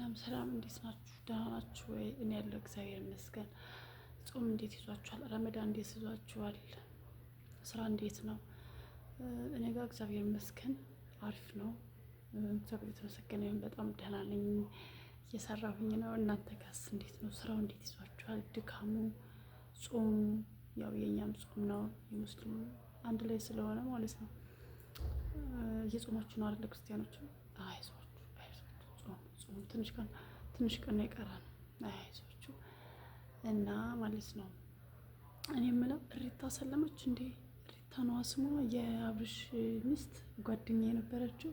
ሰላም ሰላም፣ እንዴት ናችሁ? ደህና ናችሁ ወይ? እኔ ያለው እግዚአብሔር ይመስገን። ጾም እንዴት ይዟችኋል? ረመዳን እንዴት ይዟችኋል? ስራ እንዴት ነው? እኔ ጋር እግዚአብሔር ይመስገን አሪፍ ነው። እግዚአብሔር የተመሰገነ ይሁን። በጣም ደህና ነኝ፣ እየሰራሁኝ ነው። እናንተ ጋስ እንዴት ነው? ስራው እንዴት ይዟችኋል? ድካሙ፣ ጾሙ፣ ያው የእኛም ጾም ነው የሙስሊሙ አንድ ላይ ስለሆነ ማለት ነው። እየጾማችሁ ነው አይደል? ክርስቲያኖችም አይዞ አያስቡም። ትንሽ ቀን ትንሽ ቀን ይቀራል። አይዟችሁ እና ማለት ነው እኔ የምለው እሪታ ሰለመች እንዴ? እሪታ ነዋ ስሟ፣ የአብርሽ ሚስት ጓደኛ የነበረችው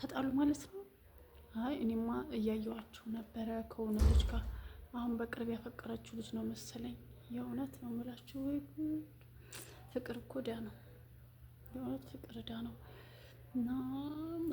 ተጣሉ ማለት ነው። አይ እኔማ እያየዋቸው ነበረ ከሆነ ልጅ ጋር አሁን በቅርብ ያፈቀረችው ልጅ ነው መሰለኝ። የእውነት ነው የምላችሁ። ወይ ፍቅር እኮ ዳ ነው የእውነት ፍቅር ዳ ነው። እና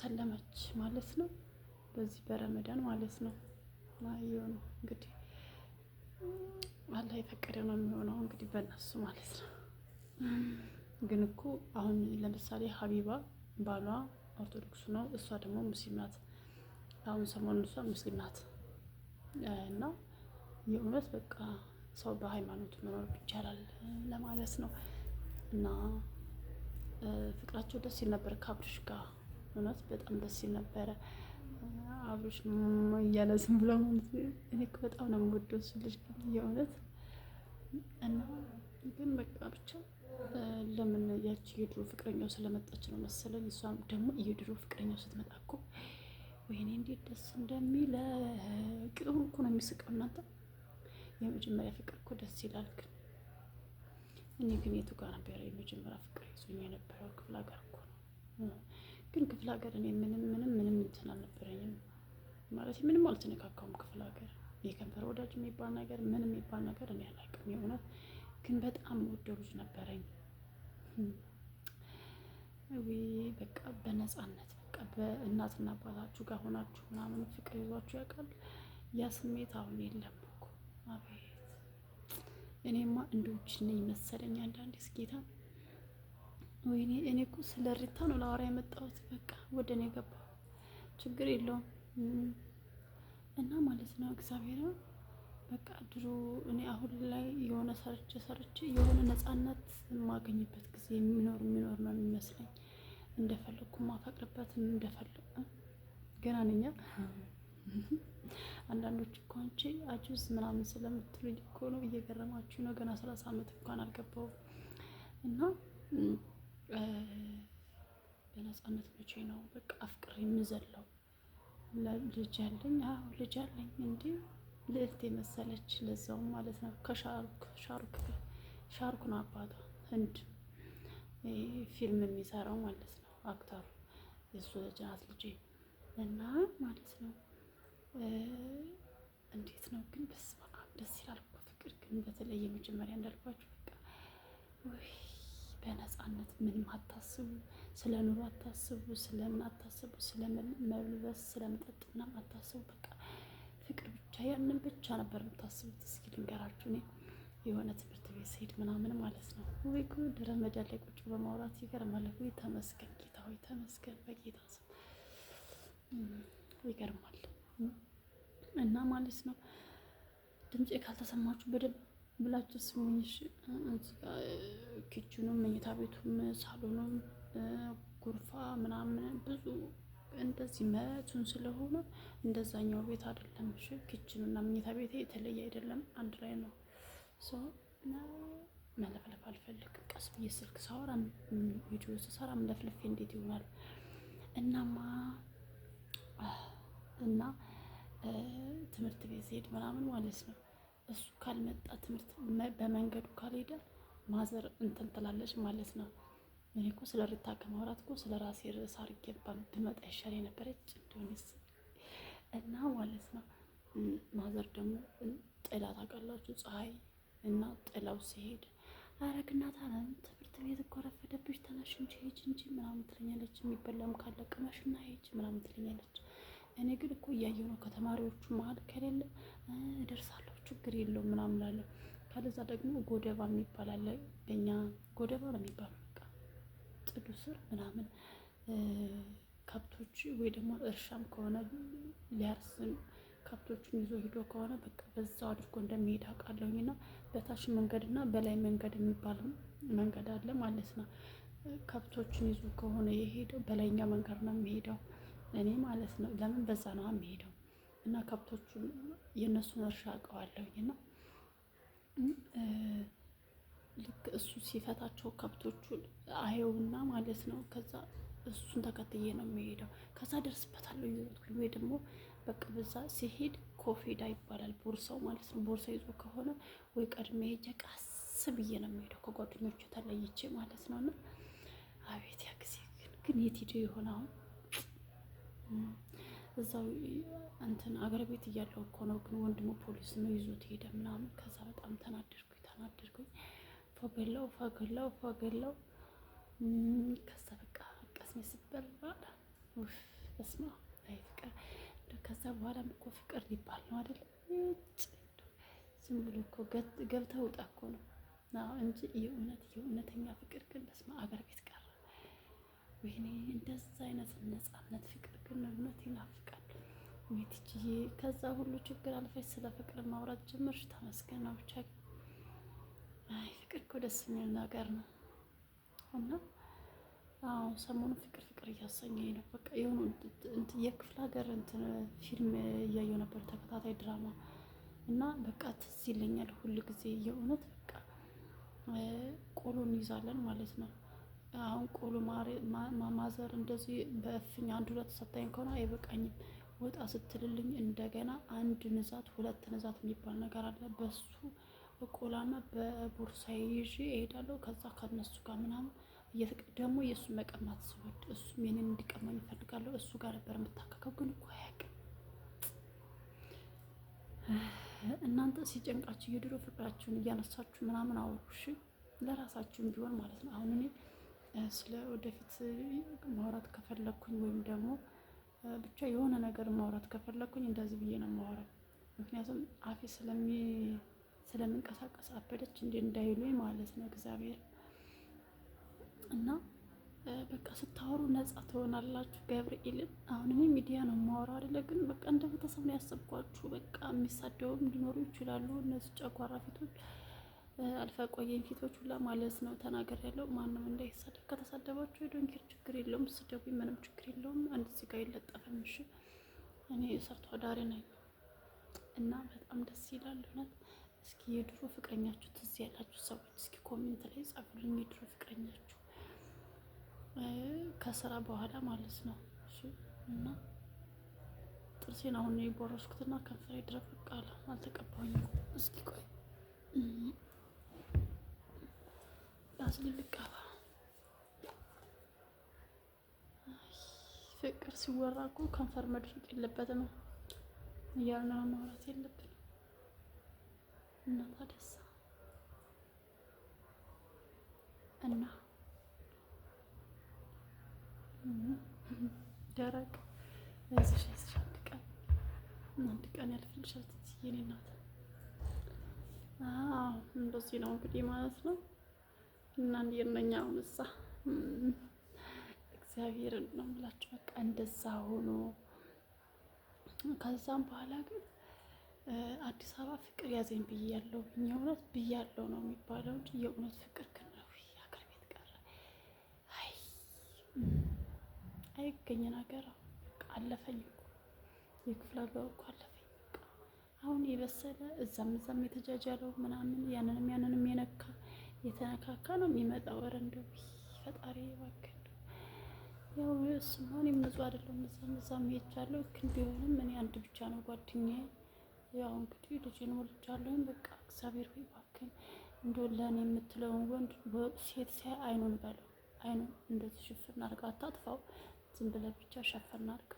ሰለመች ማለት ነው። በዚህ በረመዳን ማለት ነው። ማየው ነው እንግዲህ አላህ የፈቀደው ነው የሚሆነው እንግዲህ በእነሱ ማለት ነው። ግን እኮ አሁን ለምሳሌ ሀቢባ ባሏ ኦርቶዶክሱ ነው፣ እሷ ደግሞ ሙስሊም ናት። አሁን ሰሞኑን እሷ ሙስሊም ናት እና የእውነት በቃ ሰው በሃይማኖቱ መኖር ይቻላል ለማለት ነው። እና ፍቅራቸው ደስ ሲል ነበር ከአብርሽ ጋር እውነት በጣም ደስ ሲል ነበረ። አብሮሽ እያለ ዝም ብሎ ማለት እኔ እኮ በጣም ነው የምወደው እሱ ልጅ የእውነት እና ግን በቃ ብቻ ለምን ያቺ የድሮ ፍቅረኛው ስለመጣች ነው መሰለኝ። እሷም ደግሞ የድሮ ፍቅረኛው ስትመጣ እኮ ወይኔ እንዴት ደስ እንደሚለ ቅጥሩ እኮ ነው የሚስቀው። እናንተ የመጀመሪያ ፍቅር እኮ ደስ ይላል። ግን እኔ ግን የቱ ጋር ነበረ የመጀመሪያ ፍቅር ይዞኝ የነበረው ክፍለ ሀገር እኮ ነው ግን ክፍለ ሀገር እኔ ምንም ምንም ምንም እንትን አልነበረኝም ማለት ምንም አልተነካካውም። ክፍለ ሀገር የከንፈር ወዳጅ የሚባል ነገር ምን የሚባል ነገር እኔ አላውቅም። የእውነት ግን በጣም የምወደው ልጅ ነበረኝ። በቃ በነፃነት በቃ በእናትና አባታችሁ ጋር ሆናችሁ ምናምን ፍቅር ይዟችሁ ያውቃል። ያ ስሜት አሁን የለም እኮ አቤት! እኔማ እንደውች ነኝ መሰለኝ አንዳንዴ ስጌታ ወይኔ እኔ እኮ ስለ ሪታ ነው ለአውራ የመጣሁት። በቃ ወደ እኔ ገባ፣ ችግር የለውም እና ማለት ነው እግዚአብሔር በቃ ድሮ እኔ አሁን ላይ የሆነ ሰርች ሰርች የሆነ ነፃነት የማገኝበት ጊዜ የሚኖር የሚኖር ነው የሚመስለኝ እንደፈለግኩ ማፈቅርበት እንደፈለግኩ ገና ነኛ። አንዳንዶች እኮ አንቺ አጁዝ ምናምን ስለምትሉኝ እኮ ነው እየገረማችሁ ነው። ገና ሰላሳ አመት እንኳን አልገባውም እና ነፃነት መቼ ነው በቃ አፍቅር የምዘለው ልጅ አለኝ። አዎ ልጅ አለኝ። እንዲ ልዕልት የመሰለች ለዛውም ማለት ነው። ከሻሩክ ሻሩክ ሻሩክ ነው አባቷ፣ ህንድ ፊልም የሚሰራው ማለት ነው አክተሩ። የእሱ ልጅ ናት ልጄ እና ማለት ነው። እንዴት ነው ግን ደስ በቃ ደስ ይላል እኮ ፍቅር ግን በተለይ የመጀመሪያ እንዳልኳቸው በቃ ወይ በነፃነት ምንም አታስቡ፣ ስለ ኑሮ አታስቡ፣ ስለምን አታስቡ፣ ስለመልበስ ስለመጠጥና አታስቡ። በቃ ፍቅር ብቻ ያንን ብቻ ነበር የምታስቡት። እስኪ ልንገራችሁ እኔ የሆነ ትምህርት ቤት ስሄድ ምናምን ማለት ነው። ወይ ጉድ! ረመዳን ላይ ቁጭ በማውራት ይገርማል። ወይ ተመስገን ጌታ፣ ወይ ተመስገን በጌታ ስም ይገርማል። እና ማለት ነው ድምፄ ካልተሰማችሁ በደንብ ብላችሁ ስሙኝሽ ኪችኑም መኝታ ቤቱም ሳሎኑም ጉርፋ ምናምን ብዙ እንደዚህ መቱን ስለሆነ እንደዛኛው ቤት አይደለም። እሺ ኪችኑ እና መኝታ ቤት የተለየ አይደለም፣ አንድ ላይ ነው። መለፍለፍ አልፈልግም። ቀስ ብዬ ስልክ ሳወራ ቪዲዮ ስሰራ መለፍለፌ እንዴት ይሆናል? እናማ እና ትምህርት ቤት ስሄድ ምናምን ማለት ነው እሱ ካልመጣ ትምህርት በመንገዱ ካልሄደ ማዘር እንትን ትላለች ማለት ነው። እኔ እኮ ስለ ሪታ ከማውራት እኮ ስለ ራሴ ርዕስ አድርጌ ብመጣ ይሻል የነበረች እንደሆነስ እና ማለት ነው። ማዘር ደግሞ ጥላ ታውቃላችሁ፣ ፀሐይ እና ጥላው ሲሄድ አረግና እናት አለም ትምህርት ቤት እኮ ረፈደብሽ፣ ተነሽ እንጂ ሂጅ እንጂ ምናምን ትለኛለች። የሚበላም ካለ ቅመሽ እና ሂጅ ምናምን ትለኛለች። እኔ ግን እኮ እያየሁ ነው ከተማሪዎቹ መሀል ከሌለ እደርሳለሁ ችግር የለውም ምናምን እላለሁ። ካለዛ ደግሞ ጎደባ የሚባል አለ። በእኛ ጎደባ ነው የሚባለው። በቃ ጥዱ ስር ምናምን ከብቶች ወይ ደግሞ እርሻም ከሆነ ሊያርስም ከብቶቹን ይዞ ሂዶ ከሆነ በቃ በዛው አድርጎ እንደሚሄድ አውቃለሁኝ። እና በታች መንገድ እና በላይ መንገድ የሚባል መንገድ አለ ማለት ነው። ከብቶችን ይዞ ከሆነ የሄደው በላይኛ መንገድ ነው የሚሄደው፣ እኔ ማለት ነው። ለምን በዛ ነው የሚሄደው እና ከብቶቹን የእነሱን እርሻ አውቀዋለሁኝ እና ልክ እሱ ሲፈታቸው ከብቶቹን አየውና ማለት ነው። ከዛ እሱን ተከትዬ ነው የሚሄደው። ከዛ ደርስበታለሁ እየሮጥኩኝ ወይ ደግሞ በቃ በዛ ሲሄድ ኮፊዳ ይባላል ቦርሳው ማለት ነው። ቦርሳ ይዞ ከሆነ ወይ ቀድሜ ሄጄ ቀስ ብዬ ነው የሚሄደው ከጓደኞቹ ተለይቼ ማለት ነው። እና አቤት ያ ጊዜ ግን ግን የት ሄደ ይሆን አሁን? እዛው እንትን አገር ቤት እያለው እኮ ነው። ግን ወንድሙ ፖሊስ ነው ይዞት ሄደ ምናምን። ከዛ በጣም ተናደድኩኝ ተናደድኩኝ። ፈገላው ፈገላው ፈገላው። ከዛ በቃ ቀስሜ ስበር በስማ ላይ ፍቅር። ከዛ በኋላም እኮ ፍቅር ሊባል ነው አይደል? ዝም ብሎ እኮ ገብተ ውጣ እኮ ነው እንጂ የእውነት የእውነተኛ ፍቅር ግን በስማ አገር ቤት ወይኔ እንደዛ አይነት ነጻነት ፍቅር ግን እውነት ይናፍቃል። ቤትችዬ ከዛ ሁሉ ችግር አልፈች ስለ ፍቅር ማውራት ጀመርሽ። ተመስገን ብቻ። አይ ፍቅር እኮ ደስ የሚል ነገር ነው። እና አዎ ሰሞኑ ፍቅር ፍቅር እያሰኘኝ ነው። በቃ የሆኑ የክፍለ ሀገር እንትን ፊልም እያየሁ ነበር ተከታታይ ድራማ እና በቃ ትዝ ይለኛል ሁሉ ጊዜ የእውነት በቃ ቆሎ እንይዛለን ማለት ነው አሁን ቁሉ ማማዘር እንደዚህ በእፍኝ አንድ ሁለት ሰታኝ ከሆነ አይበቃኝም። ወጣ ስትልልኝ እንደገና አንድ ንዛት ሁለት ንዛት የሚባል ነገር አለ። በሱ እቆላና በቦርሳ ይዤ እሄዳለሁ። ከዛ ከነሱ ጋር ምናምን እየተቀ ደግሞ የእሱ መቀማት ስወድ እሱ የኔን እንዲቀማኝ ይፈልጋለሁ። እሱ ጋር ነበር የምታከከው ግን እኮ አያውቅም። እናንተ ሲጨንቃችሁ የድሮ ፍቅራችሁን እያነሳችሁ ምናምን አውሩሽ ለራሳችሁም ቢሆን ማለት ነው። አሁን እኔ ስለ ወደፊት ማውራት ከፈለግኩኝ ወይም ደግሞ ብቻ የሆነ ነገር ማውራት ከፈለግኩኝ እንደዚህ ብዬ ነው የማወራው። ምክንያቱም አፌ ስለምንቀሳቀስ አበደች እንዴ እንዳይሉኝ ማለት ነው እግዚአብሔር እና በቃ ስታወሩ ነጻ ትሆናላችሁ። ገብርኤልን አሁን እኔ ሚዲያ ነው የማወራው አይደለ? ግን በቃ እንደ ቤተሰብ ነው ያሰብኳችሁ። በቃ የሚሳደውም ሊኖሩ ይችላሉ እነዚህ ጨጓራ ፊቶች አልፈቆየኝ ፊቶች ሁላ ማለት ነው ተናገር ያለው ማንም እንዳይሳደብ ከተሳደባችሁ የዶንኪር ችግር የለውም ስደቡ ምንም ችግር የለውም አንድ ጋ የለጠፈም እሺ እኔ ሰርቶ አዳሪ ነኝ እና በጣም ደስ ይላል እውነት እስኪ የድሮ ፍቅረኛችሁ ትዝ ያላችሁ ሰዎች እስኪ ኮሜንት ላይ ጻፉልኝ የድሮ ፍቅረኛችሁ ከስራ በኋላ ማለት ነው እሺ እና ጥርሴን አሁን የቦረስኩትና ከንፈሬ ድረቅ አለ አልተቀባሁኝም እስኪ ቆይ ስለሚቀባ ፍቅር ሲወራ እኮ ከንፈር መድረቅ የለበትም እያልን ማውራት የለብን። እናታ ታደሳ እና ደረቅ ያዝሽ ያዝሽ አንድ ቀን አንድ ቀን ያልፍልሻል። የኔ ናት። እንደዚህ ነው እንግዲህ ማለት ነው። እና የነኛ አሁንሳ እግዚአብሔርን ነው የምላችሁ። በቃ እንደዛ ሆኖ ከዛም በኋላ ግን አዲስ አበባ ፍቅር ያዘኝ ብያለሁ። እኛ እውነት ብያለሁ ነው የሚባለው እንጂ የእውነት ፍቅር ግን ነው አገር ቤት ቀረ። አይ አይገኝን ሀገር አለፈኝ እኮ የክፍለ ሀገሩ እኮ አለፈኝ። አሁን የበሰለ እዛም እዛም የተጃጃለው ምናምን ያንንም ያንንም የነካ የተነካካ ነው የሚመጣው። ኧረ እንደው ፈጣሪ እባክህ ያው እሱም ሆነ የምንጹ አይደለም። እዛም እዛም ሄጃለሁ ግን ቢሆንም እኔ አንድ ብቻ ነው ጓደኛዬ። ያው እንግዲህ ልጅን ወልጃለሁ። በቃ እግዚአብሔር ሆይ እባክህን እንደው ለእኔ የምትለውን ወንድ ሴት ሳይ አይኑን በለው አይኑን እንደዚህ ሽፍን አድርገህ አታጥፋው። ዝም ብለህ ብቻ ሸፈን አድርገው።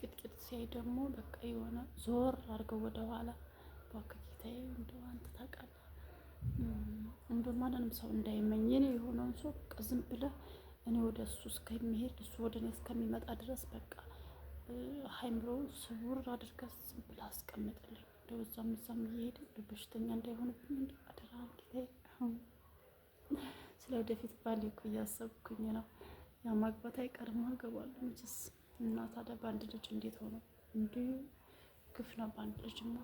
ቂጥቂጥ ሲያይ ደግሞ በቃ የሆነ ዞር አድርገው ወደኋላ። እባክህ ጌታዬ እንደው አንተ ታውቃለህ እንዶ ማንንም ሰው እንዳይመኝ የኔ የሆነውን ሰው በቃ ዝም ብለህ እኔ ወደ እሱ እስከሚሄድ እሱ ወደ እኔ እስከሚመጣ ድረስ በቃ ሀይምሮውን ስውር አድርገህ ዝም ብለህ አስቀምጥልኝ። እንደው እዛም እዛም እየሄደ በሽተኛ እንዳይሆንብኝ እንደ አደራ ስለ ወደፊት ባሌ እኮ እያሰብኩኝ ነው። ያ ማግባት አይቀርም አገባለሁ መቼስ እና ታዲያ በአንድ ልጅ እንዴት ሆነ? እንዲሁ ግፍ ነው በአንድ ልጅማ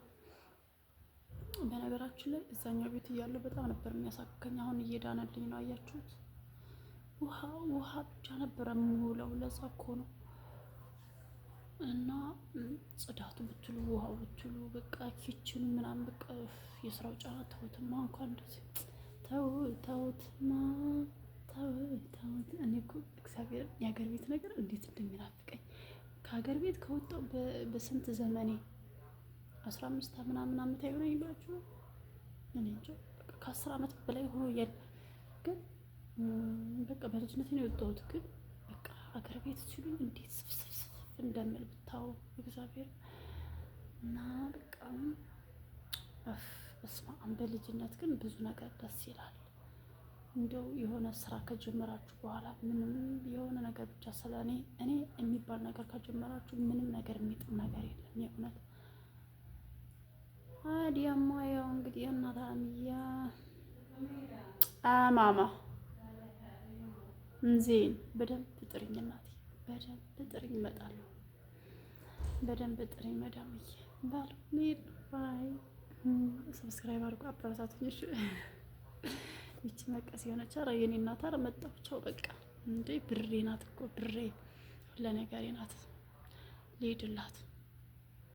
በነገራችን ላይ እዛኛው ቤት እያለሁ በጣም ነበር የሚያሳክከኝ። አሁን እየዳነልኝ ነው። አያችሁት? ውሃ ውሃ ብቻ ነበረ የምውለው። ለዛ እኮ ነው እና ጽዳቱ ብትሉ ውሃው ብትሉ በቃ ኪችኑ ምናምን በቃ የስራው ጫና ተውትማ፣ እንኳን እንደዚህ ተው ተውትማ፣ ተው ተውት። እኔ እኮ እግዚአብሔር የሀገር ቤት ነገር እንዴት እንደሚናፍቀኝ ከሀገር ቤት ከወጣው በስንት ዘመኔ አስራ አምስት ምናምን አመት አይሆነኝ ብላችሁ እኔ እንጃ ከአስር አመት በላይ ሆኖ እያለ ግን በቃ በልጅነት ነው የወጣሁት። ግን በቃ አገር ቤት ሲሉኝ እንዴት ስፍስፍስፍ እንደምል ብታው እግዚአብሔር እና በቃ እስማ በልጅነት ግን ብዙ ነገር ደስ ይላል። እንደው የሆነ ስራ ከጀመራችሁ በኋላ ምንም የሆነ ነገር ብቻ ስለ እኔ እኔ የሚባል ነገር ከጀመራችሁ ምንም ነገር የሚጥም ነገር የለም የእውነት አዲያማ ያው እንግዲህ እናት አምያ አማማ እንዜን በደንብ ጥሪኝ እናቴ፣ በደንብ ጥሪኝ እመጣለሁ። በደንብ ጥሪኝ መዳምዬ ባለው ሜድ ባይ ሰብስክራይብ አድርጎ አበረታቱኝ። ይቺ መቀስ የሆነች ኧረ የኔ እናት ኧረ መጣቸው በቃ እንዴ ብሬ ናት እኮ ብሬ ለነገሬ ናት ልሂድላት